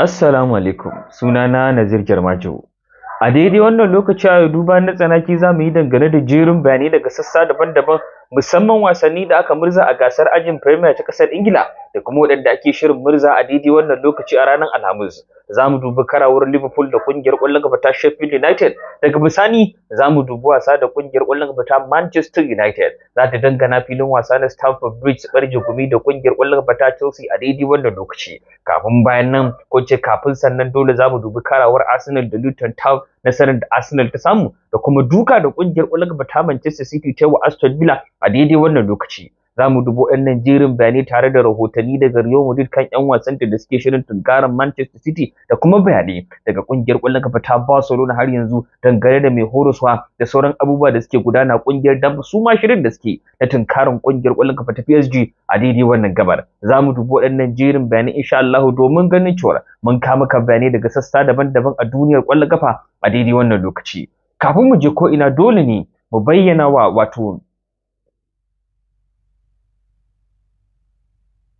Assalamu alaikum suna na Nazir Jarmajo a daidai wannan lokaci a duba na tsanaki za mu yi dangane da jerin bayanai daga sassa daban-daban musamman wasanni da aka murza a gasar ajin firamare ta ƙasar Ingila da kuma waɗanda ake shirin murza a daidai wannan lokaci a ranar Alhamis. Za mu dubi karawar Liverpool da ƙungiyar ƙwallon gaba ta Sheffield United. Daga bisani za mu dubi wasa da ƙungiyar ƙwallon gaba ta Manchester United. Za ta dangana filin wasa na Stamford Bridge ɓarje gumi da ƙungiyar ƙwallon gaba ta Chelsea a daidai wannan lokaci. Kafin bayan nan ko ce kafin sannan dole za mu dubi karawar Arsenal da Luton Town nasarar da Arsenal ta samu da kuma duka da ƙungiyar ƙwallon gaba ta Manchester City ta wa Aston Villa a daidai wannan lokaci. za mu dubo 'yan nan jerin bayanai tare da rahotanni daga Rio Madrid kan 'yan wasan da suke shirin tunkarar Manchester City da kuma bayanai daga kungiyar ƙwallon kafa ta Barcelona har yanzu dangane da mai horoswa da sauran abubuwa da suke gudana kungiyar dan su ma shirin da suke na tunkarar kungiyar ƙwallon kafa ta PSG a daidai wannan gabar za mu dubo waɗannan jerin bayanai insha Allah domin ganin cewa mun kama kan bayanai daga sassa daban-daban a duniyar ƙwallon kafa a daidai wannan lokaci kafin mu je ko ina dole ne mu bayyana wa wato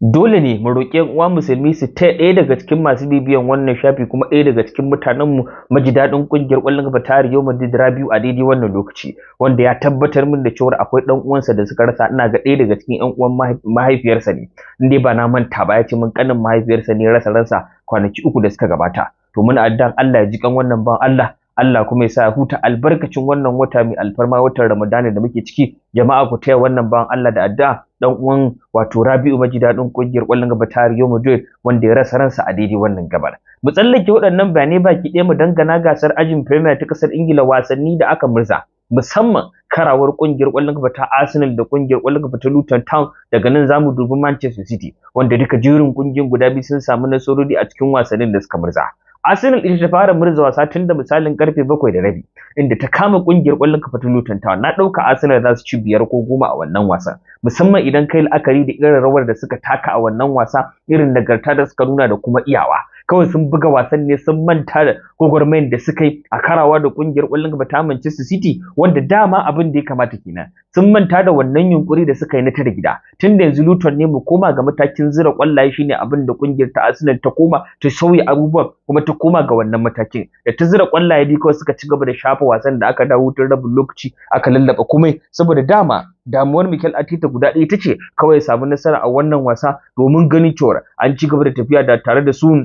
dole ne mu roƙi uwa musulmi su ta ɗaya daga cikin masu bibiyan wannan shafi kuma ɗaya daga cikin mutanen mu maji daɗin ƙungiyar ƙwallon kafa ta Rio Madrid Rabiu a daidai wannan lokaci wanda ya tabbatar min da cewa akwai ɗan uwansa da suka rasa ina ga ɗaya daga cikin ƴan uwan mahaifiyarsa ne in dai ba na manta ba ya ce min ƙanin mahaifiyarsa ne rasa rasa kwanaki uku da suka gabata to muna addan Allah ya ji kan wannan ban Allah Allah kuma ya sa huta albarkacin wannan wata mai alfarma watan Ramadana da muke ciki jama'a ku taya wannan bawan Allah da addu'a dan uwan wato Rabi'u Maji daɗin kungiyar kwallon gaba ta Rio Madrid wanda ya rasa ransa a daidai wannan gabar mu tsallake waɗannan bayanai baki ɗaya mu dangana gasar ajin Premier ta kasar Ingila wasanni da aka murza musamman karawar kungiyar kwallon gaba ta Arsenal da kungiyar kwallon gaba ta Luton Town daga nan zamu dubi Manchester City wanda duka jerin kungiyoyin guda biyu sun samu nasarori a cikin wasannin da suka murza Arsenal din ta fara murza wasa tun da misalin karfe bakwai da rabi inda ta kama kungiyar kwallon kafa ta Luton Town na dauka Arsenal za su ci biyar ko goma a wannan wasa musamman idan kai la'akari da irin rawar da suka taka a wannan wasa irin nagarta da suka nuna da kuma iyawa kawai sun buga wasan ne sun manta da gwagwarmayar da suka yi a karawa da kungiyar ƙwallon gaba ta Manchester City wanda dama abin da ya kamata kenan sun manta da wannan yunkuri da suka yi na tare gida tun da yanzu Luton ne mu koma ga matakin zira kwallaye shine abin da kungiyar ta Arsenal ta koma ta sauya abubuwan kuma ta koma ga wannan matakin da ta zira kwallaye biyu kawai suka ci gaba da shafa wasan da aka dawo tun rabin lokaci aka lallaba komai saboda dama damuwar Mikel Arteta guda ɗaya ta ce kawai samu nasara a wannan wasa domin ganin cewa an ci gaba da tafiya da tare da su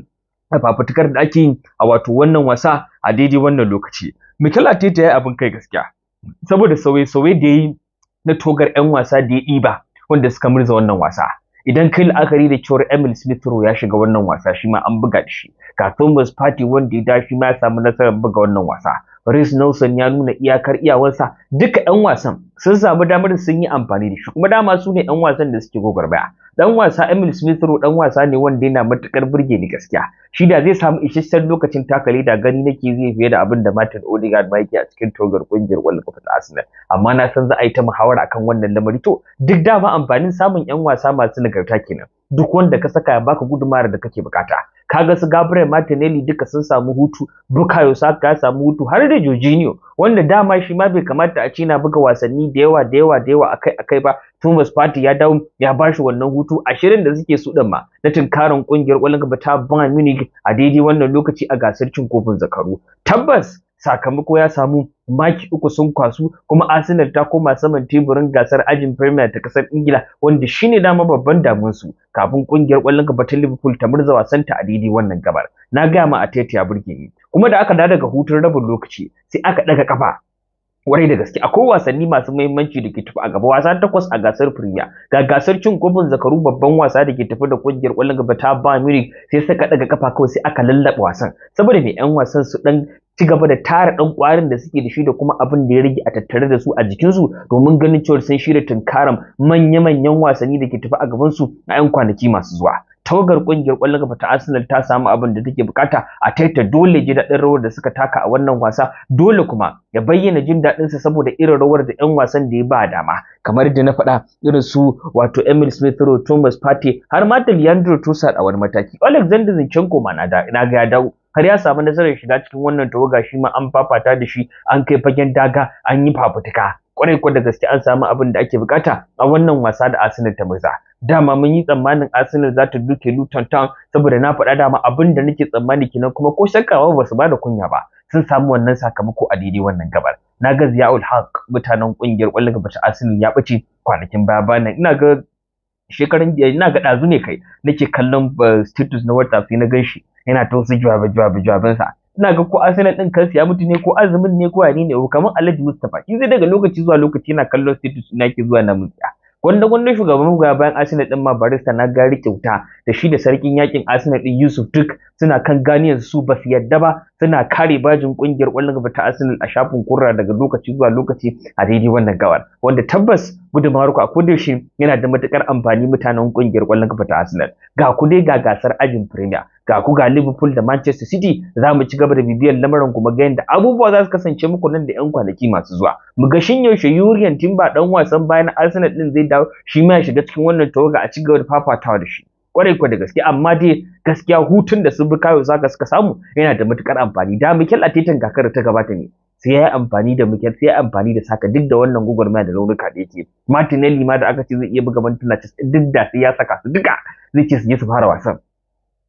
fafutukar da ake yi a wato wannan wasa a daidai wannan lokaci Mikel Arteta ya abin kai gaskiya saboda sauye-sauye da ya yi na togar 'yan wasa da ya ɗiba wanda suka murza wannan wasa idan kai la'akari da cewar Emil Smith Rowe ya shiga wannan wasa shi ma an buga da shi ga Thomas Partey wanda ya dashi ma ya samu nasarar buga wannan wasa Rhys Nelson ya nuna iyakar iyawarsa duka 'yan wasan sun samu damar sun yi amfani da shi kuma dama su ne 'yan wasan da suke baya. dan wasa Emil Smith Rowe dan wasa ne wanda yana matukar burge ni gaskiya shi da zai samu isasshen lokacin takali da gani nake zai fiye da abin da Martin Odegaard ma yake a cikin togar kungiyar World Cup ta Arsenal amma na san za a yi ta muhawara akan wannan lamari to duk dama amfanin samun yan wasa masu nagarta kenan duk wanda ka saka ya baka gudumar da kake bukata kaga su Gabriel Martinelli duka sun samu hutu Bukayo Saka ya samu hutu har da Jorginho wanda dama shi ma bai kamata a ce na buga wasanni da yawa da yawa da yawa akai akai ba Thomas Party ya dawo ya ba shi wannan hutu ashirin da suke su ma na tunkarin ƙungiyar ƙwallon gaba ta Bayern Munich a daidai wannan lokaci a gasar cin kofin zakaru. Tabbas sakamako ya samu maki uku sun kwasu kuma Arsenal ta koma saman teburin gasar ajin Premier ta kasar Ingila wanda shine dama babban damuwar su kafin ƙungiyar ƙwallon gaba ta Liverpool ta murza wasanta a daidai wannan gabar. Na gaya ma a ya burge ni. Kuma da aka da daga hutun rabin lokaci sai aka ɗaga kafa Wani da gaske akwai wasanni masu muhimmanci da ke tafi a gaba wasa takwas a gasar Premier ga gasar cin kofin zakaru babban wasa da ke tafi da kungiyar kwallon gaba ta ba Munich sai suka daga kafa kawai sai aka lallaba wasan saboda mai yan wasan su dan ci gaba da tara dan kwarin da suke da shi da kuma abin da ya rage a tattare da su a jikin su domin ganin cewa sun shirya tunkaran manya-manyan wasanni da ke tafi a gaban su a yan kwanaki masu zuwa tawagar kungiyar kwallon kafa ta Arsenal ta samu abin da take bukata a taita dole ji daɗin rawar da suka taka a wannan wasa dole kuma ya bayyana jin daɗinsa saboda irin rawar da 'yan wasan da ya ba dama kamar da na faɗa irin su wato Emil Smith Rowe, Thomas Partey har ma da Leandro Trossard a wani mataki Alexander Zinchenko ma na ga ya dawo har ya samu nasarar shiga cikin wannan tawaga shi ma an fafata da shi an kai fagen daga an yi fafutuka kwarai kwa da gaske an samu abin da ake bukata a wannan wasa da Arsenal ta murza dama mun yi tsammanin Arsenal za ta duke Luton Town saboda na faɗa dama abin da nake tsammani kenan kuma ko shakkawa ba su bada kunya ba sun samu wannan sakamako a daidai wannan gabar na ga Ziyaul Haq mutanen kungiyar ƙwallon gaba ta Arsenal ya bace kwanakin baya bayan ina ga shekaran biyar ina ga ɗazu ne kai nake kallon eh, status na WhatsApp sai na ganshi yana ta wasu jawabe jawabe jawabensa ina ga ko Arsenal din kansu ya mutu ne ko azumin ne ko wani ne kamar Alhaji Mustapha shi zai daga lokaci zuwa lokaci yana kallon status ina ke zuwa na mutiya gwanda gwanda shugaban magoya bayan Arsenal din ma barista na gari kyauta da shi da sarkin yakin Arsenal din Yusuf duk suna kan ganiyar su ba su yadda ba suna kare bajin kungiyar kwallon gaba ta Arsenal a shafin kurra daga lokaci zuwa lokaci a daidai wannan gawar wanda tabbas gudumar ku a shi yana da matukar amfani mutanen kungiyar ƙwallon gaba ta Arsenal ga ku dai ga gasar ajin Premier ga ku ga Liverpool da Manchester City za mu ci gaba da bibiyar lamarin kuma ga yadda abubuwa za su kasance muku nan da 'yan kwanaki masu zuwa mu ga shin yaushe Yurian Timba dan wasan bayan Arsenal din zai dawo shi ma ya shiga cikin wannan tawaga a ci gaba da fafatawa da shi kwarai kwa da gaske amma dai gaskiya hutun da sun bi kayo saka suka samu yana da matukar amfani da Mikel Arteta kakar ta gabata ne sai ya yi amfani da Mikel sai ya yi amfani da saka duk da wannan gwagwarmaya da raunuka da yake Martinelli ma da aka ce zai iya buga mantuna duk da sai ya saka su duka zai ce su je su fara wasan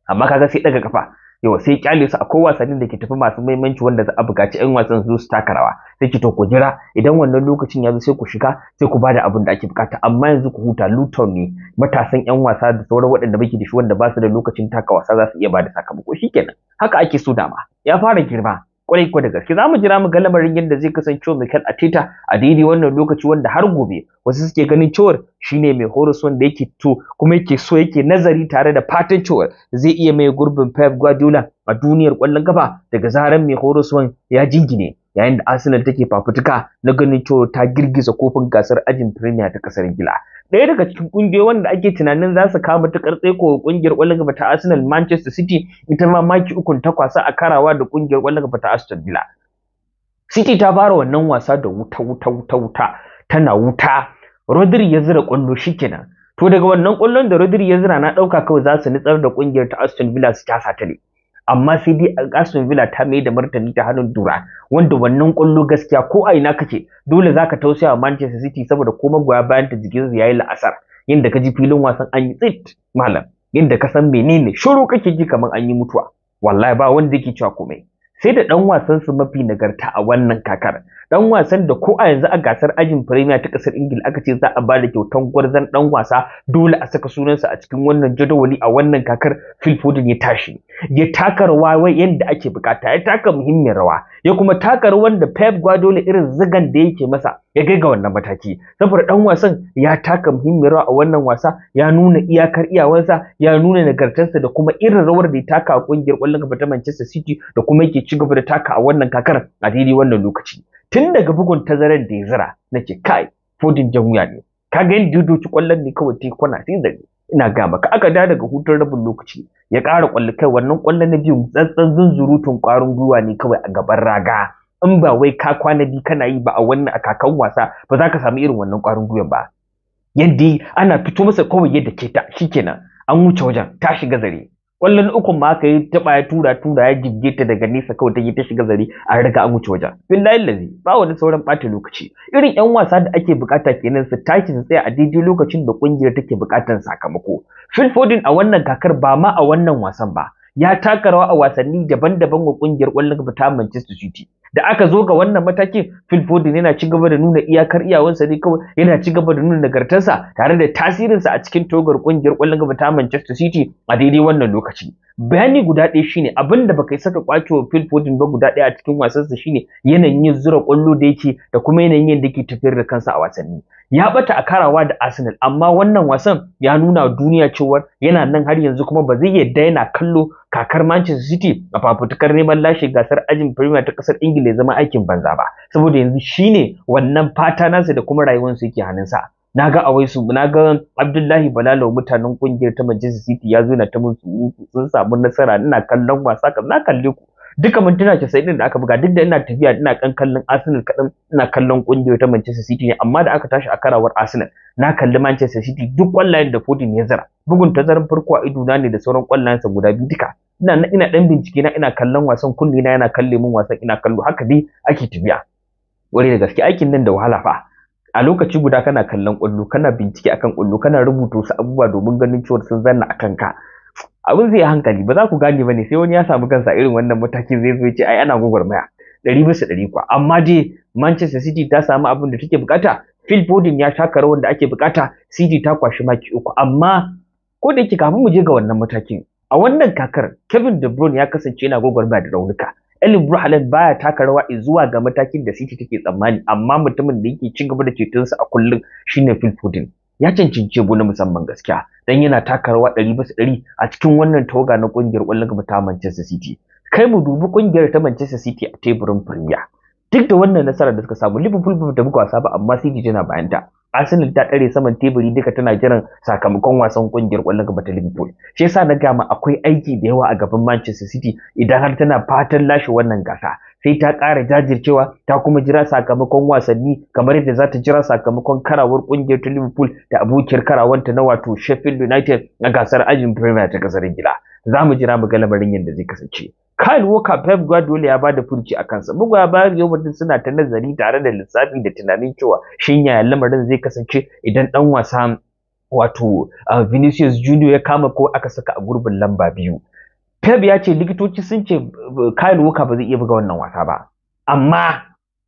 amma kaga sai daga kafa yau sai kyale su akwai wasannin da ke tafi masu muhimmanci wanda za a buƙaci 'yan wasan su su taka rawa sai ki to ku jira idan wannan lokacin ya zo sai ku shiga sai ku bada abin da ake buƙata, amma yanzu ku huta Luton ne matasan 'yan wasa da sauran waɗanda muke da shi wanda ba su da lokacin taka wasa za su iya bada sakamako shikenan haka ake so dama ya fara girma kwarai kwa da gaske za mu jira mu ga lamarin yadda zai kasancewa Mikel Arteta a daidai wannan lokaci wanda har gobe wasu suke ganin cewar shine mai horus wanda yake to kuma yake so yake nazari tare da fatan cewar zai iya mai gurbin Pep Guardiola a duniyar kwallon kafa daga zaran mai horus ya jingine yayin da Arsenal take fafutuka na ganin cewar ta girgiza kofin gasar ajin Premier ta kasar Ingila Daya daga cikin ƙungiyoyi wanda ake tunanin za su kama ta ko ƙungiyar ƙwallon gaba ta Arsenal Manchester City ita ma maki ukun ta kwasa a karawa da ƙungiyar ƙwallon gaba ta Aston Villa. City ta fara wannan wasa da wuta wuta wuta wuta tana wuta Rodri ya zira ƙwallo shikenan. To daga wannan ƙwallon da Rodri ya zira na ɗauka kawai za su nitsar da ƙungiyar ta Aston Villa su tasa ta ne. amma sai dai Aston Villa ta mai da martani ta hannun dura wanda wannan kwallo gaskiya ko a ina kake dole zaka tausaya Manchester City saboda ko magoya bayan ta jikin su yayi la'asar yanda ka ji filin wasan an yi tsit malam yanda ka san menene shuru kake ji kamar an yi mutuwa wallahi ba wanda yake cewa komai sai da dan wasan su mafi nagarta a wannan kakar dan wasan da ko a yanzu a gasar ajin Premier ta kasar Ingila aka ce za a bada kyautan gwarzan dan wasa dole a saka sunansa a cikin wannan jadawali a wannan kakar Phil Foden ya tashi ya taka rawa wai yadda ake bukata ya taka muhimmiyar rawa ya kuma taka rawar da Pep Guardiola irin zigan da yake masa ya kai ga wannan mataki saboda dan wasan ya taka muhimmiyar rawa a wannan wasa ya nuna iyakar iyawansa ya nuna nagartarsa da kuma irin rawar da ya taka a kungiyar kwallon gaba ta Manchester City da kuma yake ci gaba da taka a wannan kakar a daidai wannan lokaci tun daga bugun tazarar da ya zira ce kai fodin jan wuya ne kaga yadda ya doki kwallon ne kawai tai kwana sai zare ina ga maka aka da daga hutun rabin lokaci ya ƙara kwallo kai wannan kwallon na biyu tsantsan zunzurutun ƙwarin gwiwa ne kawai a gaban raga in ba wai ka kwana biyu kana yi ba a wannan a wasa ba za ka samu irin wannan ƙwarin gwiwa ba yadda ana fito masa kawai yadda ke ta shikenan an wuce wajen ta shiga zare kwallon ukun ma aka yi taba ya tura tura ya jibge ta daga nesa kawai ta yi ta shiga zari a riga an wuce wajen billahi lazi ba wani sauran bata lokaci irin yan wasa da ake bukata kenan su taki su tsaya a daidai lokacin da kungiyar take bukatar sakamako Phil Foden a wannan kakar ba ma a wannan wasan ba ya taka rawa a wasanni daban-daban ga kungiyar kwallon ba ta Manchester City da aka zo ga wannan matakin Phil Foden yana ci gaba da nuna iyakar iyawansa ne kawai yana ci gaba da nuna nagartarsa tare da tasirinsa a cikin togar kungiyar kwallon gaba ta Manchester City a daidai wannan lokaci bayani guda ɗaya shine abin da baka saka kwace wa Phil Foden ba guda ɗaya a cikin wasan sa shine yanayin yin zura kwallo da yake da kuma yanayin yadda yake tafiyar da kansa a wasanni ya bata a karawa da Arsenal amma wannan wasan ya nuna duniya cewa yana nan har yanzu kuma ba zai yadda yana kallo kakar Manchester City a fafutukar neman lashe gasar ajin Premier ta kasar Ingila zama aikin banza ba saboda yanzu shine wannan fata nasa da kuma rayuwarsa yake hannunsa na ga waisu na ga abdullahi balalo mutanen kungiyar ta manchester city ya zo na ta musu sun samu nasara ina kallon wasa ka na kalle ku duka mintuna 90 da aka buga duk da ina tafiya ina kan kallon arsenal kadan ina kallon kungiyar ta manchester city ne amma da aka tashi a karawar arsenal na kalli manchester city duk kwallayen da fodin ya zara bugun tazarin farko a ido na ne da sauran sa guda biyu duka ina ina dan bincike na ina kallon wasan kulli na yana kalle mun wasan ina kallo haka dai ake tafiya wani da gaske aikin nan da wahala fa a lokaci guda kana kallon ƙwallo kana bincike akan ƙwallo kana rubuta wasu abubuwa domin ganin cewa sun zanna kan ka. abin zai hankali ba za ku gane ba ne sai wani ya samu kansa irin wannan matakin zai zo ya ce ai ana gwagwarmaya ɗari bisa ɗari kwa amma dai Manchester City ta samu abin da take bukata Phil Foden ya taka rawar da ake bukata City ta kwashi maki uku amma ko da yake kafin mu je ga wannan matakin a wannan kakar Kevin De Bruyne ya kasance yana gwagwarmaya da raunuka Elif Halal baya taka rawa zuwa ga matakin da City take tsammani amma mutumin da yake ci gaba da cetonsa a kullum shine Phil Foden ya cancanci na musamman gaskiya dan yana taka rawa 100 ɗari a cikin wannan tawaga na kungiyar kwallon gaba ta Manchester City kai mu dubi kungiyar ta Manchester City a teburin Premier duk da wannan nasara da suka samu Liverpool ba ta buga wasa ba amma City tana bayanta Arsenal ta kare saman teburi duka tana jiran sakamakon wasan ƙungiyar kwallon gaba ta Liverpool. Shi yasa na gama akwai aiki da yawa a gaban Manchester City idan har tana fatan lashe wannan gasa. Sai ta ƙara jajircewa ta kuma jira sakamakon wasanni kamar yadda za ta jira sakamakon karawar kungiyar ta Liverpool da abokiyar karawanta na wato Sheffield United na gasar ajin Premier ta kasar Ingila. Za mu jira mu ga lamarin yadda zai kasance. Kyle Walker Pep Guardiola ya bada furci a kansa. Magoya bayan yau suna ta nazari tare da lissafi da tunanin cewa shin yaya lamarin zai kasance idan dan wasa wato Vinicius Junior ya kama ko aka saka a gurbin lamba biyu. Pep ya ce likitoci sun ce Kyle Walker ba zai iya buga wannan wasa ba. Amma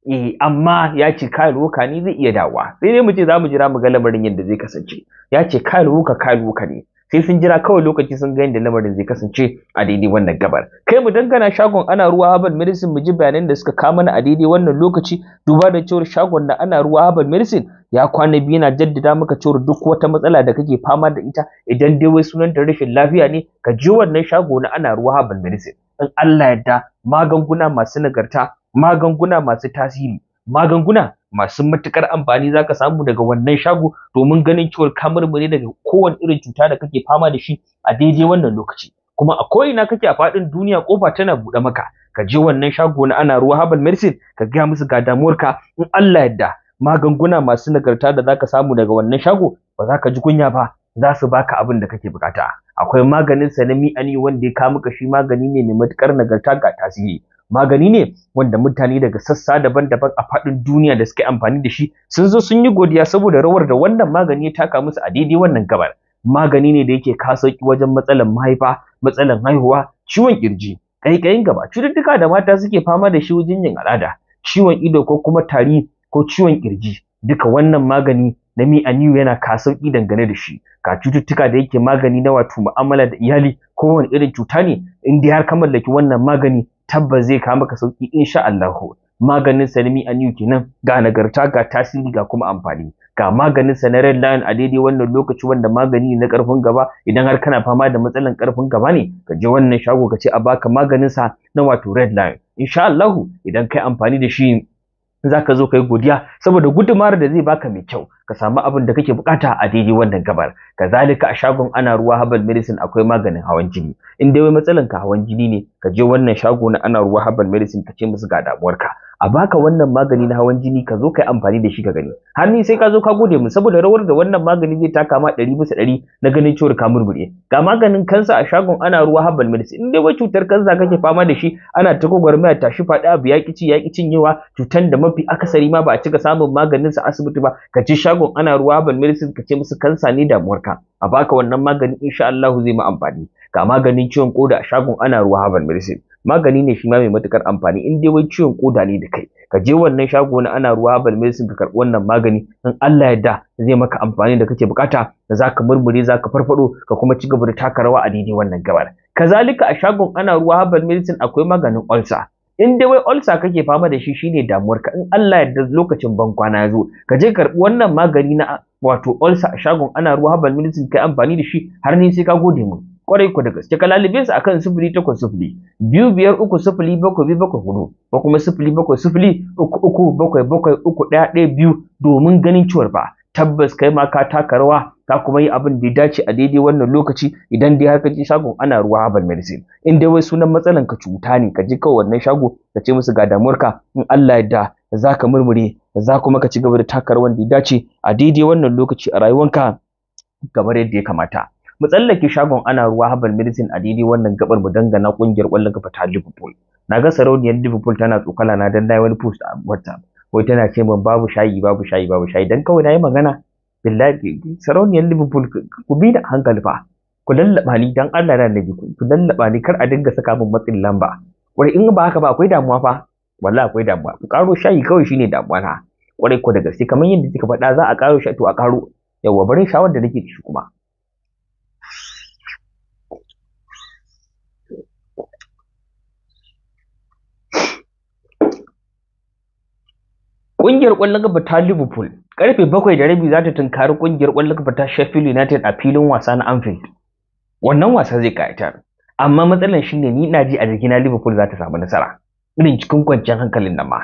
eh amma ya ce Kyle Walker ne zai iya dawa. Sai dai mu ce za mu jira mu ga lamarin yadda zai kasance. Ya ce Kyle Walker Kyle Walker ne. sai sun jira kawai lokaci sun ga da lamarin zai kasance a daidai wannan gabar kai mu dangana shagon ana ruwa habar medicine mu ji bayanan da suka kama mana a daidai wannan lokaci duba da cewar shagon na ana ruwa habar medicine ya kwana biyu yana jaddada maka cewar duk wata matsala da kake fama da ita idan dai wai sunan da rashin lafiya ne ka je wannan shago na ana ruwa habar medicine in Allah yarda magunguna masu nagarta magunguna masu tasiri magunguna masu matukar amfani za ka samu daga wannan shago domin ganin ciwon ka murmure daga kowane irin cuta da kake fama da shi a daidai wannan lokaci kuma a ko'ina kake a faɗin duniya kofa tana buɗe maka ka je wannan shago na ana ruwa Haban medicine ka gaya musu ga damuwarka in Allah yadda magunguna masu nagarta da za ka samu daga wannan shago ba za ka ji kunya ba za su baka abin da kake bukata akwai maganin sanami ani wanda ya kawo maka shi magani ne mai matukar nagarta ga tasiri magani ne wanda mutane daga sassa daban-daban a faɗin duniya da suke amfani da shi sun zo sun yi godiya saboda rawar da wannan magani ya taka musu a daidai wannan gabar magani ne da yake kasauki wajen matsalan mahaifa matsalan haihuwa ciwon kirji ƙaiƙayin gaba cututtuka da mata suke fama da shi wajen yin al'ada ciwon ido ko kuma tari ko ciwon kirji duka wannan magani na mi aniyu yana kasauki dangane da shi ka cututtuka da yake magani na wato mu'amala da iyali ko wani irin cuta ne in dai har ka mallaki wannan magani tabbas zai kawo maka sauki insha Allah maganin salmi a new kenan ga nagarta ga tasiri ga kuma amfani ga maganin sa na red line a daidai wannan lokaci wanda magani na karfin gaba idan har kana fama da matsalan karfin gaba ne ka je wannan shago ka ce a baka maganin sa na wato red line insha Allah idan kai amfani da shi zaka zo kai godiya saboda gudumar da zai baka mai kyau ka samu abin da kake bukata a daidai wannan gabar kazalika a shagon ana ruwa herbal medicine akwai maganin hawan jini in dai wai matsalan ka hawan jini ne ka je wannan shago na ana ruwa herbal medicine ka ce musu ga damuwarka a baka wannan magani na hawan jini ka zo kai amfani da shi ka gani har ni sai ka zo ka gode mu saboda rawar da wannan magani zai taka ma ɗari bisa ɗari na ganin ciwon ka murmure ga maganin kansa a shagon ana ruwa habal medicine in dai wai cutar kansa kake fama da shi ana ta gwagwarmaya tashi faɗi abu yaƙi ƙi ci ya cinyewa cutan da mafi akasari ma ba a cika samun maganinsa asibiti ba ka ci shagon ana ruwa habal medicine ka ce musu kansa ne damuwarka a baka wannan maganin insha Allah zai ma amfani ga maganin ciwon koda a shagon ana ruwa habal medicine magani ne shi ma mai matukar amfani in dai wai ciwon koda ne da kai ka je wannan shago na ana ruwa herbal medicine ka karbi wannan magani in Allah ya da zai maka amfani da kake bukata da zaka murmure zaka farfado ka kuma ci gaba da taka rawa a daidai wannan gabar kazalika a shagon ana ruwa herbal medicine akwai maganin ulcer in dai wai ulcer kake fama da shi shine damuwar ka, in Allah ya da lokacin ban kwana ya zo ka je karbi wannan magani na wato ulcer a shagon ana ruwa herbal medicine kai amfani da shi har ni sai ka gode mu kwarai ku da gaske ka lalube su akan sifili takwas sifili biyu biyar uku bakwai biyu bakwai hudu ko kuma sifili bakwai uku uku uku biyu domin ganin ciwar ba tabbas kai ma ka taka rawa ka kuma yi abin da ya dace a daidai wannan lokaci idan dai har ka je shagon ana ruwa herbal medicine in dai wai sunan matsalan ka cuta ne ka je kawai wannan shago ka ce musu ga damuwarka in Allah ya da za ka murmure za kuma ka ci gaba da taka rawan da ya dace a daidai wannan lokaci a rayuwanka kamar yadda ya kamata mu tsallake shagon ana ruwa Habal Medicine a daidai wannan gabar mu dangana kungiyar kwallon kafa ta Liverpool. Na ga sarauniyar Liverpool tana tsokala na dan wani post a WhatsApp. Wai tana ce min babu shayi babu shayi babu shayi dan kawai nayi magana. Billahi sarauniyar Liverpool ku bi da hankali fa. Ku lallaba ni dan Allah da nabi ku lallaba ni kar a dinga saka min matsin lamba. Wai in ba haka ba akwai damuwa fa. Wallahi akwai damuwa. Ku karo shayi kawai shine damuwa na. Kwarai ko da gaske kamar yadda kika faɗa za a karo shayi to a karo. Yawwa barin shawar da nake da shi kuma. Ƙungiyar ƙwallon ƙafa ta Liverpool karfe bakwai da rabi za ta tunkari ƙungiyar ƙwallon ƙafa ta Sheffield United a filin wasa na Anfield. Wannan wasa zai ƙayatar, amma matsalar shine ni na ji a na Liverpool za ta samu nasara, irin cikin kwanciyar hankalin nan ma.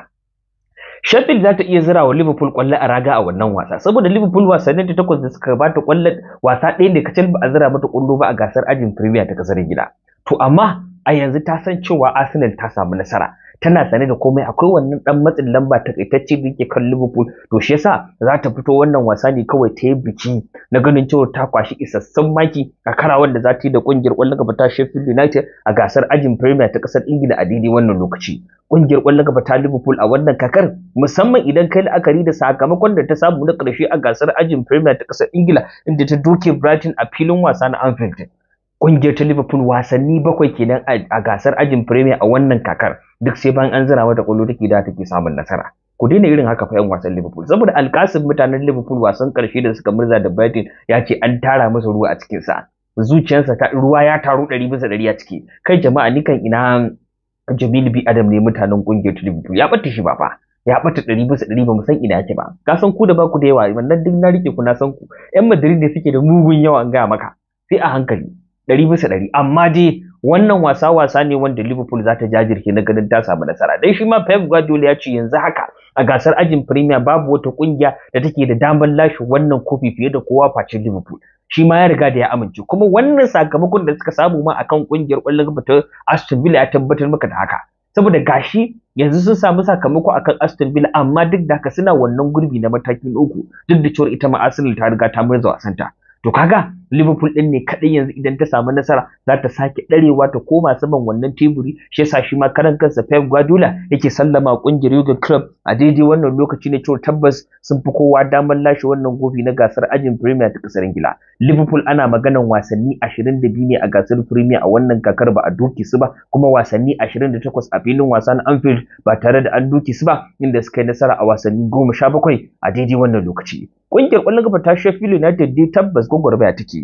Sheffield za ta iya zira wa Liverpool ƙwallo a raga a wannan wasa saboda Liverpool wasannin ta takwas da suka bata ƙwallon wasa ɗaya ne kacal ba a zira mata ƙwallo ba a gasar ajin Premier ta ƙasar gida. To amma a yanzu ta san cewa Arsenal ta samu nasara tana sane da komai akwai wannan dan matsin lamba takaitacce da yake kan Liverpool to shi yasa za ta fito wannan wasa ne kawai ta yi biki na ganin cewa ta kwashi isassun maki a karawar da za ta yi da kungiyar kwallon gaba ta Sheffield United a gasar ajin Premier ta kasar Ingila a daidai wannan lokaci kungiyar kwallon gaba ta Liverpool a wannan kakar musamman idan kai la'akari da sakamakon da ta samu na karshe a gasar ajin Premier ta kasar Ingila inda ta doke Brighton a filin wasa na Anfield kungiyar ta Liverpool wasanni bakwai kenan a gasar ajin Premier a wannan kakar duk sai bayan an zira mata kwallo take da take samun nasara ku daina irin haka fa yan wasan Liverpool saboda alkasim mutanen Liverpool wasan karshe da suka murza da Brighton ya ce an tara masa ruwa a cikin sa zuciyarsa ta ruwa ya taru 100 bisa 100 a ciki kai jama'a nikan ina Jamil bi Adam ne mutanen kungiyar Liverpool ya bata shi ba ya bata ɗari bisa ɗari ba mu san ina yake ba ka san ku da ba ku da yawa wannan duk na rike ku na san ku yan Madrid ne suke da mugun yawa an gaya maka sai a hankali ɗari bisa ɗari amma dai wannan wasa wasa ne wanda Liverpool za ta jajirce na ganin ta samu nasara Dai shi ma Pep Guardiola ya ce yanzu haka a gasar ajin Premier babu wata kungiya da take da damar lashe wannan kofi fiye da kowa face Liverpool shi ma ya riga da ya amince kuma wannan sakamakon da suka samu ma akan kungiyar ƙwallon gaba ta Aston Villa ya tabbatar maka da haka saboda gashi yanzu sun samu sakamako akan Aston Villa amma duk da haka suna wannan gurbi na matakin uku duk da cewa ita ma Arsenal ta riga ta murza wasanta to kaga Liverpool din ne kadai yanzu idan ta samu nasara za ta sake darewa ta koma saman wannan teburi shi yasa shi ma karan kansa Pep Guardiola yake sallama kungiyar Jurgen Klopp a daidai wannan lokaci ne cewa tabbas sun fi kowa damar lashe wannan gofi na gasar ajin Premier ta kasar Ingila. Liverpool ana maganan wasanni 22 ne a gasar Premier a wannan kakar ba a duki su ba kuma wasanni 28 a filin wasa na Anfield ba tare da an duki su ba inda suka yi nasara a wasanni 17 a daidai wannan lokaci. Kungiyar kwallon gaba ta Sheffield United dai tabbas gwagwarmaya take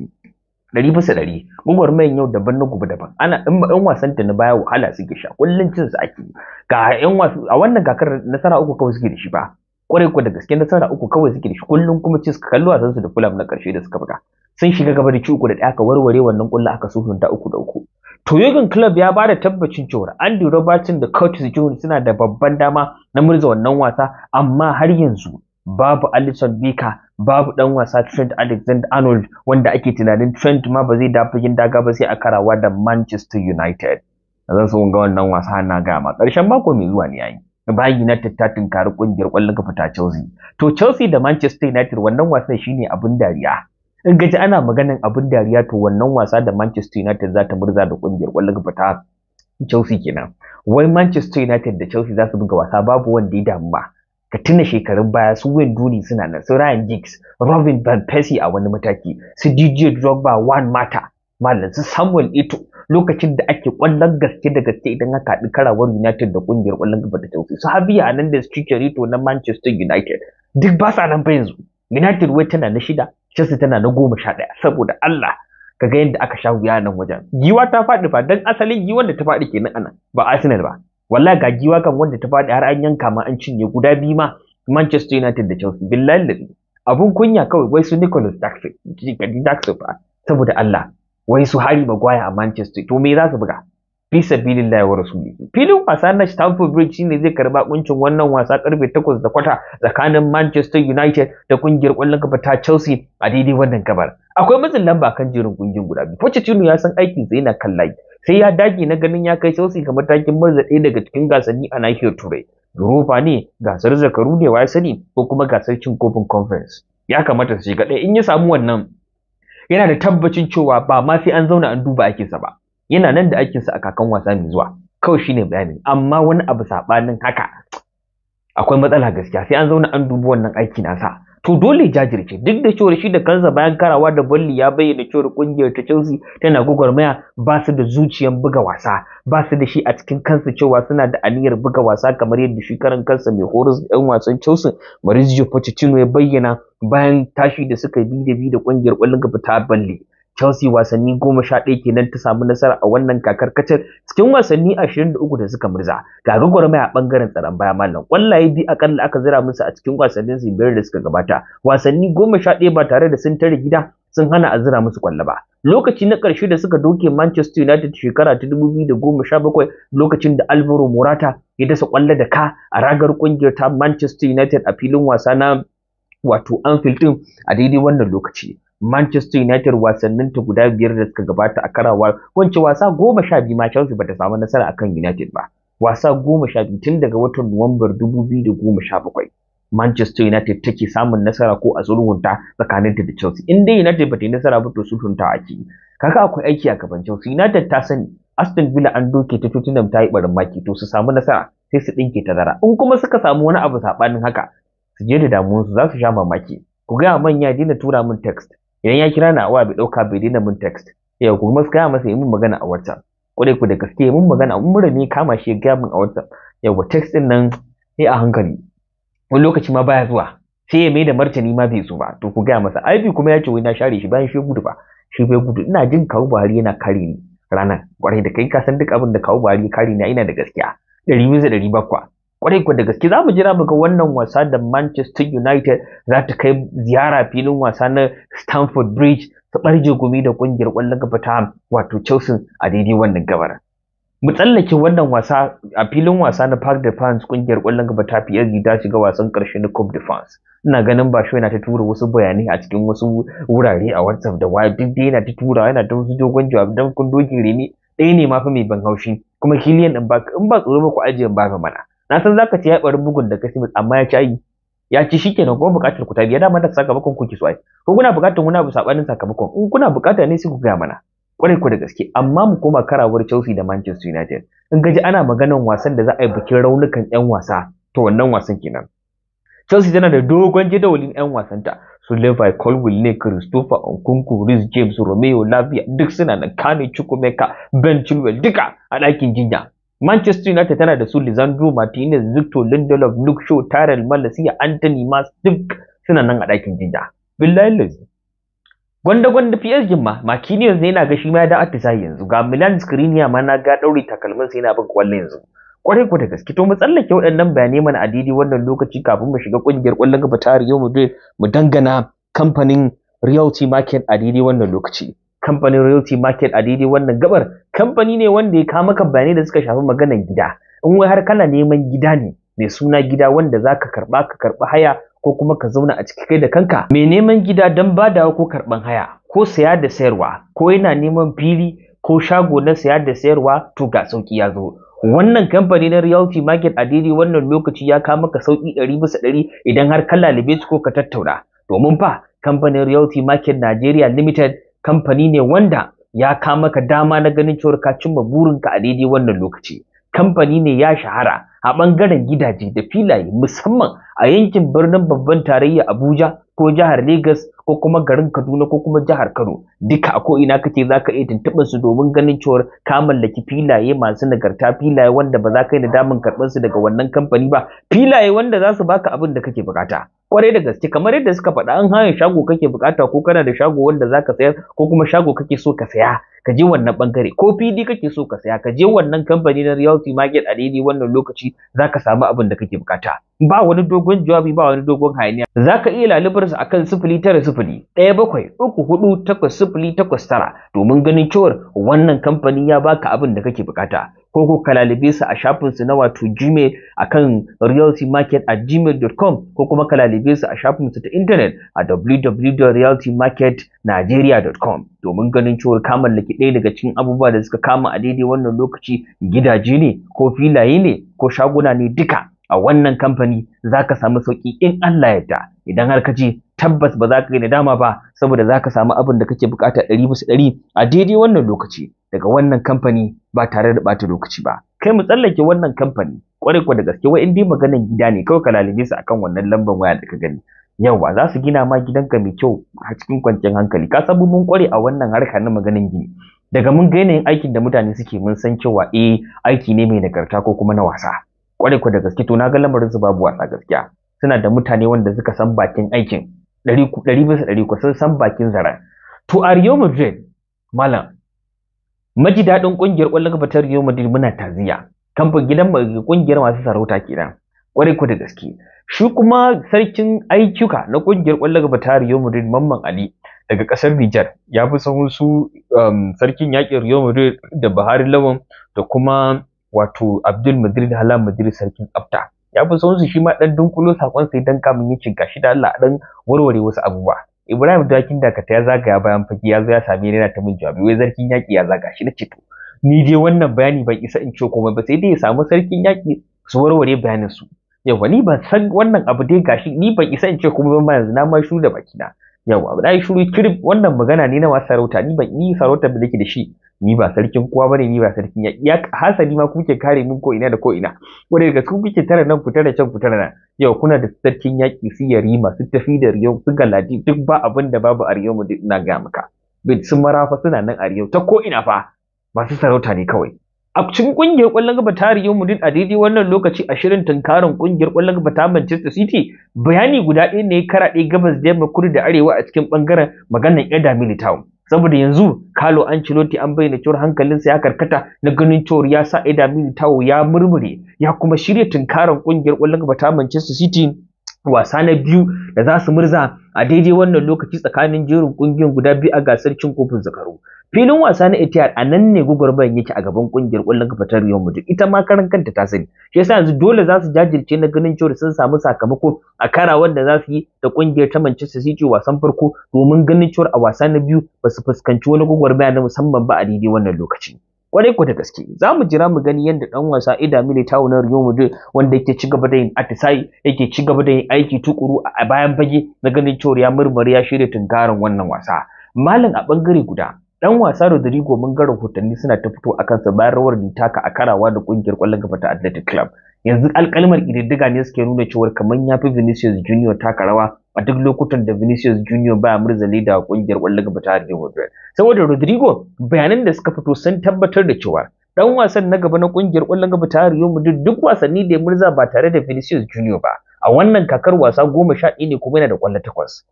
ɗari bisa ɗari gwagwarmayan yau daban na gobe daban ana in yan wasan ta na baya wahala suke sha kullun cin su ake ga yan wasu a wannan kakar nasara uku kawai suke da shi ba kwarai ko da gaske nasara uku kawai suke da shi kullun kuma ci suka kallo wasan su da fulam na karshe da suka buga sun shiga gaba da ci uku da ɗaya ka warware wannan kullu aka sulhunta uku da uku to Club club ya bada tabbacin cewa Andy Robertson da Curtis Jones suna da babban dama na murza wannan wasa amma har yanzu babu Alisson Becker babu dan wasa Trent Alexander-Arnold wanda ake tunanin Trent ma ba zai dafa yin daga ba sai a karawa da Manchester United zan so ga wannan wasa na ga ma karshen mako mai zuwa ne yayi bayan United ta tunkari kungiyar kwallon kafa ta Chelsea to Chelsea da Manchester United wannan wasan shine abin dariya in gaji ana maganin abin dariya to wannan wasa da Manchester United za ta murza da kungiyar kwallon kafa ta Chelsea kenan wai Manchester United da Chelsea za su buga wasa babu wanda ya damu ba ka tuna shekarun baya su Wayne Rooney suna nan su Ryan Giggs Robin Van Persie a wani mataki su DJ Drogba Juan Mata malam su Samuel Ito lokacin da ake kwallon gaske da gaske idan aka haɗu karawar United da ƙungiyar kwallon gaba da tausi su Javier Hernandez Chicharito na Manchester United duk ba sa nan ba yanzu United wai tana na shida Chelsea tana na goma sha ɗaya saboda Allah ka ga yadda aka sha wuya nan wajen giwa ta faɗi fa dan asalin giwan da ta faɗi kenan nan, ba Arsenal ba wallahi ga giwa kan wanda ta faɗi har an yanka ma an cinye guda biyu ma Manchester United da Chelsea billahi ladi abun kunya kawai wai su Nicholas Jackson saboda Allah wai su Harry Maguire a Manchester to me za su buga fi sabilillahi wa rasulihi filin wasa na Stamford Bridge shine zai karba kuncin wannan wasa karfe 8 da kwata tsakanin Manchester United da kungiyar kwallon kafa ta Chelsea a daidai wannan gabar akwai matsin lamba kan jerin kungiyar guda biyu Pochettino ya san aikin sa yana kan layi sai ya dage na ganin ya kai Chelsea kamar takin marza ɗaya daga cikin gasanni a nahiyar Turai Europa ne gasar zakaru ne wa sani ko kuma gasar cin kofin conference ya kamata su shiga ɗaya in ya samu wannan yana da tabbacin cewa ba ma sai an zauna an duba aikinsa ba yana nan da aikinsa a kakan wasa mai zuwa kawai shi ne bayani amma wani abu saɓanin haka akwai matsala gaskiya sai an zauna an dubi wannan aiki nasa to dole jajirce duk da cewar shi da kansa bayan karawa da bolli ya bayyana cewar kungiyar ta Chelsea tana gwagwarmaya ba su da zuciyan buga wasa ba su da shi a cikin kansa cewa suna da aniyar buga wasa kamar yadda shi karan kansa mai horus ɗan wasan Chelsea Maurizio Pochettino ya bayyana bayan tashi da suka bi da bi da kungiyar ƙwallon gaba ta balle Chelsea wasanni goma sha ɗaya kenan ta samu nasara a wannan kakar kacar cikin wasanni ashirin da uku da suka murza ga gwagwarmaya a ɓangaren tsaron baya mallam ƙwallaye biyu akalla aka zira musu a cikin wasannin zimbiyar da suka gabata wasanni goma sha ɗaya ba tare da sun tare gida sun hana a zira musu ƙwallo ba lokaci na ƙarshe da suka doke Manchester United shekara ta da sha bakwai lokacin da Alvaro Morata ya dasa kwallo da ka a ragar ƙungiyar ta Manchester United a filin wasa na wato Anfield ɗin a daidai wannan lokaci Manchester United wasannin ta guda biyar da suka gabata a karawa wancan wasa goma sha biyu ma Chelsea bata samu nasara akan United ba. Wasa goma sha biyu tun daga watan Nuwambar dubu biyu da goma sha bakwai. Manchester United take samun nasara ko a sulhunta ta da Chelsea. In dai United bata yi nasara ba to sulhunta a ciki Kaga akwai aiki a gaban Chelsea. United ta sani Aston Villa an doke ta Tottenham ta yi barin maki to su samu nasara sai su ta zara In kuma suka samu wani abu sabanin haka su je da su za su sha mamaki. Ku gaya manya daina tura min text idan ya kira na awa bai dauka bai daina mun text ya ku gaskiya masa yi min magana a WhatsApp kure ku da gaske mun magana mun mura ne kama shi ya gaya a WhatsApp yawa text din nan sai a hankali wani lokaci ma baya zuwa sai ya mai da martani ma bai zo ba to ku gaya masa aibi kuma ya ce wai na share shi bayan shi gudu ba shi bai gudu ina jin kawo Buhari yana kare ni ranar kwarai da kai ka san duk abin da kawo Buhari ya kare ni ina da gaskiya ɗari da ɗari bakwa kwarai da gaske za mu jira mu ga wannan wasa da Manchester United za ta kai ziyara filin wasa na Stamford Bridge ta barje gumi da kungiyar kwallon kafa ta wato Chelsea a daidai wannan gabar mu tsallake wannan wasa a filin wasa na park de France kungiyar kwallon kafa ta PSG ta shiga wasan karshe na Coupe de France ina ganin ba yana ta tura wasu bayanai a cikin wasu wurare a WhatsApp da waya duk yana ta tura yana ta wasu dogon jawabi dan kun dokin ɗaya ne ma fa mai ban haushi kuma Kylian Mbappe in ba tsoro ba ku ajiye Mbappe mana na san zaka ce ya bari bugun da Casemiro amma ya ci ayi ya ci shikenan kuma bukatar ku ta biya dama da sakamakon ku ki so ai ko kuna bukatar kuna bu sabanin sakamakon in kuna bukata ne sai ku gaya mana kwarai ku da gaske amma mu koma karawar Chelsea da Manchester United in gaji ana maganan wasan da za a yi bikin raunukan yan wasa to wannan wasan kenan Chelsea tana da dogon jadawalin yan wasanta su Levi Colwill ne Christopher Nkunku Rhys James Romeo Lavia duk suna da Kane Chukwuemeka Ben Chilwell duka a ɗakin jinya Manchester United tana da su Lisandro Martinez, Victor Lindelof, Luke Shaw, Tyrell Malacia, Anthony Mas duk suna nan a ɗakin jinja. Billahi lazi. Gwanda gwanda PSG ma Marquinhos ne yana ga shi ma ya da atisayi yanzu ga Milan Skriniar ma na ga ɗaure takalmin sai yana bin kwallo yanzu. Kwarai ko da gaske to mu tsallake waɗannan bayanai mana a daidai wannan lokaci kafin mu shiga ƙungiyar ƙwallon gaba ta Real Madrid mu dangana kamfanin Realty Market a daidai wannan lokaci. kamfanin royalty market a daidai wannan gabar kamfani ne wanda ya kama maka bayanai da suka shafi maganar gida in wai har kana neman gida ne mai suna gida wanda za ka karɓa ka karɓi haya ko kuma ka zauna a ciki kai da kanka mai neman gida don badawa ko karɓan haya ko saya da sayarwa ko yana neman fili ko shago na saya da sayarwa to ga sauki ya zo wannan kamfani na realty market a daidai wannan lokaci ya kawo maka sauki ɗari bisa ɗari idan har ka lalube ko ka tattauna domin fa kamfanin realty market nigeria limited kamfani ne wanda ya ka maka dama na ganin cewar ka cimma burinka a daidai wannan lokaci kamfani ne ya shahara a bangaren gidaje da filaye musamman a yankin birnin babban tarayya Abuja ko jihar Legas ko kuma garin Kaduna ko kuma jihar Kano duka a ko'ina kace za ka iya tuntuɓar su domin ganin cewar ka mallaki filaye masu nagarta filaye wanda ba za ka yi da damin karɓar su daga wannan kamfani ba filaye wanda za su baka abin da kake bukata kwarai da gaske kamar yadda suka faɗa an hayan shago kake bukata ko kana da shago wanda zaka ka sayar ko kuma shago kake so ka saya ka je wannan bangare ko fili kake so ka saya ka je wannan kamfani na realty market a daidai wannan lokaci za ka samu abin da kake bukata ba wani dogon jawabi ba wani dogon hayaniya za ka iya lalubar su akan sifili tara sifili ɗaya bakwai uku hudu takwas sifili takwas tara domin ganin cewar wannan kamfani ya baka abin da kake bukata ko ko ka lalube su a shafin su na wato gmail akan realtymarket at gmail.com ko kuma ka lalube su a shafin su ta intanet a www.realtymarketnigeria.com domin ganin cewar ka mallaki ɗaya daga cikin abubuwa da suka kama a daidai wannan lokaci gidaje ne ko filaye ne ko shaguna ne duka a wannan kamfani za ka samu sauƙi in Allah yadda idan har ka ce tabbas ba za ka yi nadama ba saboda za ka samu abin da kake bukata ɗari bisa ɗari a daidai wannan lokaci daga wannan kamfani ba tare da ɓata lokaci ba kai mu tsallake wannan kamfani kwarai kwa da gaske wa in maganan gida ne kawai ka lalibe su akan wannan lambar waya da ka gani yawa za su gina ma gidanka mai kyau a cikin kwanciyar hankali ka sabu mun kware a wannan harka na maganan gini daga mun ga yanayin aikin da mutane suke mun san cewa eh aiki ne mai nagarta ko kuma na wasa kware ku da gaske to na ga lamarin su babu wasa gaskiya suna da mutane wanda suka san bakin aikin ɗari bisa ɗari ku sun san bakin zaren to a Real Madrid malam maji daɗin ƙungiyar ƙwallon kafa ta Real Madrid muna taziya kamfan gidan ƙungiyar masu sarauta kenan kware ku da gaske shi kuma sarkin aikuka na ƙungiyar ƙwallon kafa ta Real Madrid Mamman Ali daga ƙasar Nijar ya fi sahun su um, sarkin yaƙin Real Madrid da Buhari Lawan da kuma wato Abdul Madrid Halam Madrid sarkin tsafta ya fi son su shi ma dan dunkulo sakon sai dan kamun yin cinka shi da Allah dan warware wasu abubuwa Ibrahim Dakin Dakata ya zagaya bayan fage ya zo ya same ni yana ta min jawabi wai sarkin yaki ya zaga shi na ce to ni dai wannan bayani ban isa in ce komai ba sai dai ya samu sarkin yaki su warware bayanin su yawa ni ban san wannan abu dai gashi ni ban isa in ce komai ba yanzu na ma shuru da bakina yawa na yi shuru kirib wannan magana ne na masu sarauta ni ban yi sarauta da nake da shi ni ba sarkin kowa bane ni ba sarkin ya ya hasali ma kuke kare mun ko ina da ko ina ko daga cikin kuke tare nan ku tare can ku tare nan yau kuna da sarkin yaki su yari masu tafi da riyo su galadi duk ba abin da babu a riyo mu duk ina ga maka bin sun marafa suna nan a ta ko ina fa masu sarauta ne kawai a cikin kungiyar kwallon gaba ta riyo mu a daidai wannan lokaci a shirin tunkarin kungiyar kwallon gaba ta Manchester City bayani guda ɗaya ne ya karaɗe gabas da yamma kudu da arewa a cikin bangaren maganar Eda Militao saboda yanzu Carlo Ancelotti an bayyana cewar hankalinsa ya karkata na ganin cewar ya sa Edamini Tawo ya murmure ya kuma shirya tunkarar kungiyar ƙwallon gaba ta Manchester City wasa na biyu da za su murza a daidai wannan lokaci tsakanin jerin ƙungiyar guda biyu a gasar cin kofin zakaru filin wasa na Etihad a nan ne gugurban yake a gaban kungiyar kullun kafa ta Real Madrid ita ma karan kanta ta sani shi yasa yanzu dole za su jajirce na ganin cewa sun samu sakamako a kara wanda za su yi da kungiyar ta Manchester City wasan farko domin ganin cewa a wasa na biyu ba su fuskanci wani gugurba na musamman ba a daidai wannan lokaci kwarai ku da gaske za mu jira mu gani yadda dan wasa Ida Militao na Real Madrid wanda yake ci gaba da yin atisai yake ci gaba da yin aiki tukuru a bayan fage na ganin cewa ya murmuri ya shirya tunkarin wannan wasa malam a bangare guda dan wasa Rodrigo mun ga rahotanni suna ta fito akan sa bayan rawar da taka a karawa da kungiyar kwallon gaba ta Athletic Club yanzu alkalmar kididdiga ne suke nuna cewar kamar ya fi Vinicius Junior taka rawa a duk lokutan da Vinicius Junior baya murzali da kungiyar kwallon gaba ta Real Madrid saboda Rodrigo bayanan da suka fito sun tabbatar da cewa dan wasan na gaba na kungiyar kwallon gaba ta Real Madrid duk wasanni da ya murza ba tare da Vinicius Junior ba a wannan kakar wasa goma sha ɗaya ne kuma yana da kwallo takwas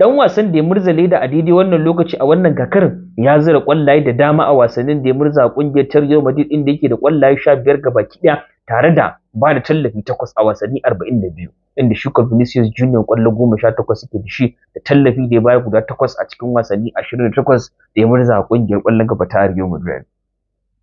dan wasan da ya Leda da adidi wannan lokaci a wannan kakarin ya zira kwallaye da dama a wasannin da ya murza kungiyar Tarjo Madrid din da yake da kwallaye 15 gaba kiɗa tare da ba da tallafi takwas a wasanni 42 inda shuka Vinicius Junior kwallo 18 suke da shi da tallafi da ya bayar guda takwas a cikin wasanni 28 da ya murza kungiyar kwallon gaba ta Real Madrid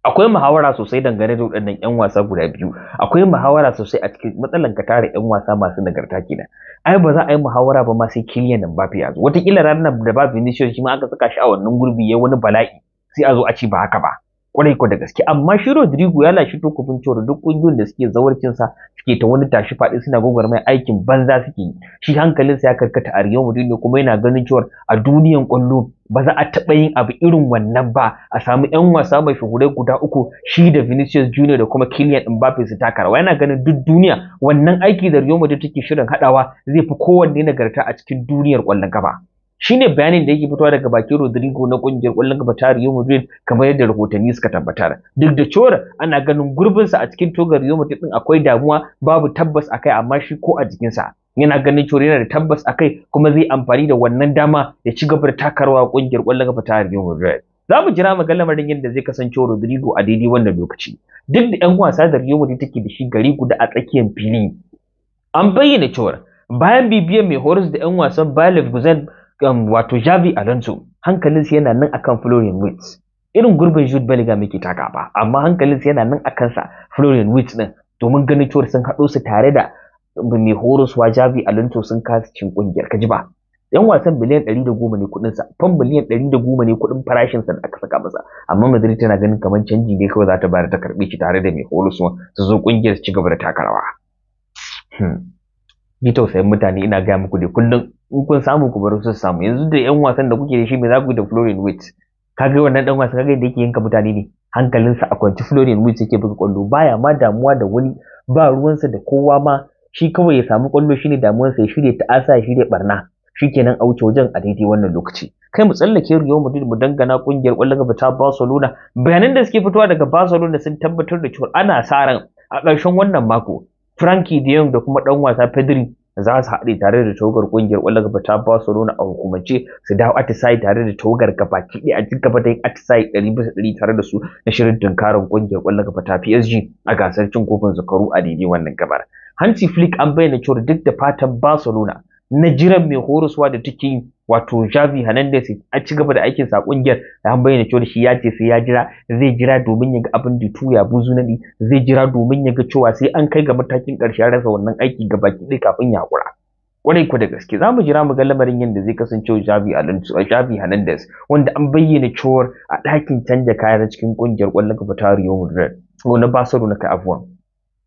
akwai muhawara sosai dangane da waɗannan 'yan wasa guda biyu akwai muhawara sosai a cikin matsalan ka tare 'yan wasa masu nagarta kenan ai ba za a yi muhawara ba ma sai Kylian Mbappe ya zo wataƙila ranar da ba Vinicius shi ma aka saka shi a wannan gurbi ya wani bala'i sai a zo a ci ba haka ba kwarai ko da gaske amma shi Rodrigo ya lashe to kufin cewa duk kungiyoyin da suke zawarcin sa suke ta wani tashi faɗi suna mai aikin banza suke yi shi hankalinsa ya karkata a Rio Mourinho kuma yana ganin cewa a duniyan kwallo ba za a taba yin abu irin wannan ba a samu 'yan wasa mai figurai guda uku shi da Vinicius Junior da kuma Kylian Mbappe su taka rawa yana ganin duk duniya wannan aiki da Rio Madrid take shirin haɗawa zai fi kowanne nagarta a cikin duniyar kwallon gaba? shine bayanin da yake fitowa daga bakin Rodrigo na kungiyar kwallon gaba ta Real Madrid kamar yadda rahotanni suka tabbatar duk da cewa ana ganin gurbin sa a cikin togar Real Madrid din akwai damuwa babu tabbas akai amma shi ko a sa, yana ganin cewa yana da tabbas akai kuma zai amfani da wannan dama ya ci gaba da takarwa kungiyar kwallon gaba ta Real Madrid za mu jira magan lamarin yadda zai kasance Rodrigo a daidai wannan lokaci duk da 'yan wasa da Real Madrid take da shi gari guda a tsakiyar fili an bayyana cewa bayan bibiyar mai horis da 'yan wasan Bayern Leverkusen Um, wato Javi Alonso hankalinsa yana nan akan Florian Wirtz irin gurbin Jude Bellingham yake taka ba amma hankalinsa yana nan akan sa Florian Wirtz din domin ganin cewa sun hado su tare da um, mai horoswa Javi Alonso sun kasa cin kungiyar kaji ba yan wasan biliyan 110 ne kudin sa fan biliyan 110 ne kuɗin farashin sa da aka saka masa amma Madrid tana ganin kamar canji ne kawai za ta bayar ta karbe shi tare da mai horoswa su zo kungiyar su ci gaba da takarawa hmm. ni tausayin mutane ina gaya muku da kullum in kun samu ku bar su samu yanzu da yan wasan da kuke da shi me za ku da Florian Wit kaga wannan dan wasa kaga da yake yanka mutane ne hankalinsa a kwanci Florian Wit yake buga kwallo baya ma damuwa da wani ba ruwansa da kowa ma shi kawai ya samu kwallo shine damuwarsa ya shirya asa ya shirya barna shikenan a wuce wajen a daidai wannan lokaci kai mu tsallake Real Madrid mu dangana kungiyar kwallon gaba ta Barcelona bayanan da suke fitowa daga Barcelona sun tabbatar da cewa ana sa a ƙarshen wannan mako Frankie de Jong da kuma ɗan wasa Pedri za su haɗe tare da tawagar ƙungiyar ƙwallon gaba ta Barcelona a hukumance su dawo atisai tare da togar gaba kiɗi a cikin gaba da yin atisayi ɗari bisa ɗari tare da su na shirin tunkarar ƙungiyar ƙwallon gaba ta PSG a gasar cin kofin zakaru a daidai wannan gabar. Hansi Flick an bayyana cewa duk da fatan Barcelona na jiran mai horaswa da tukin, wato Javi Hernandez a ci gaba da aikin sa kungiyar da an bayyana cewa shi ya ce sai ya jira zai jira domin ya ga abin da ya buzu nadi zai jira domin ya ga cewa sai an kai ga matakin karshe ya rasa wannan aiki gaba ki kafin ya hakura kwarai ku da gaske za mu jira mu ga lamarin yadda zai kasance Javi Alonso Javi Hernandez wanda an bayyana cewa a ɗakin canja kayan cikin kungiyar kwallon kafa ta Rio Madrid na Barcelona kai abuwan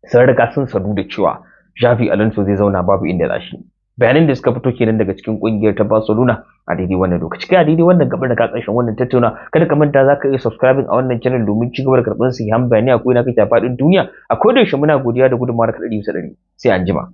sun sun sadu da cewa Javi Alonso zai zauna babu inda za shi bayanan da suka fito kenan daga cikin kungiyar ta Barcelona a daidai wannan lokaci kai a daidai wannan gabar da ka karshen wannan tattauna kada ka manta za ka iya subscribing a wannan channel domin ci gaba da karɓar sahihan bayanai a ko'ina kake a faɗin duniya a kodayaushe muna godiya da gudunmawar kaɗari bisa ɗari sai anjima.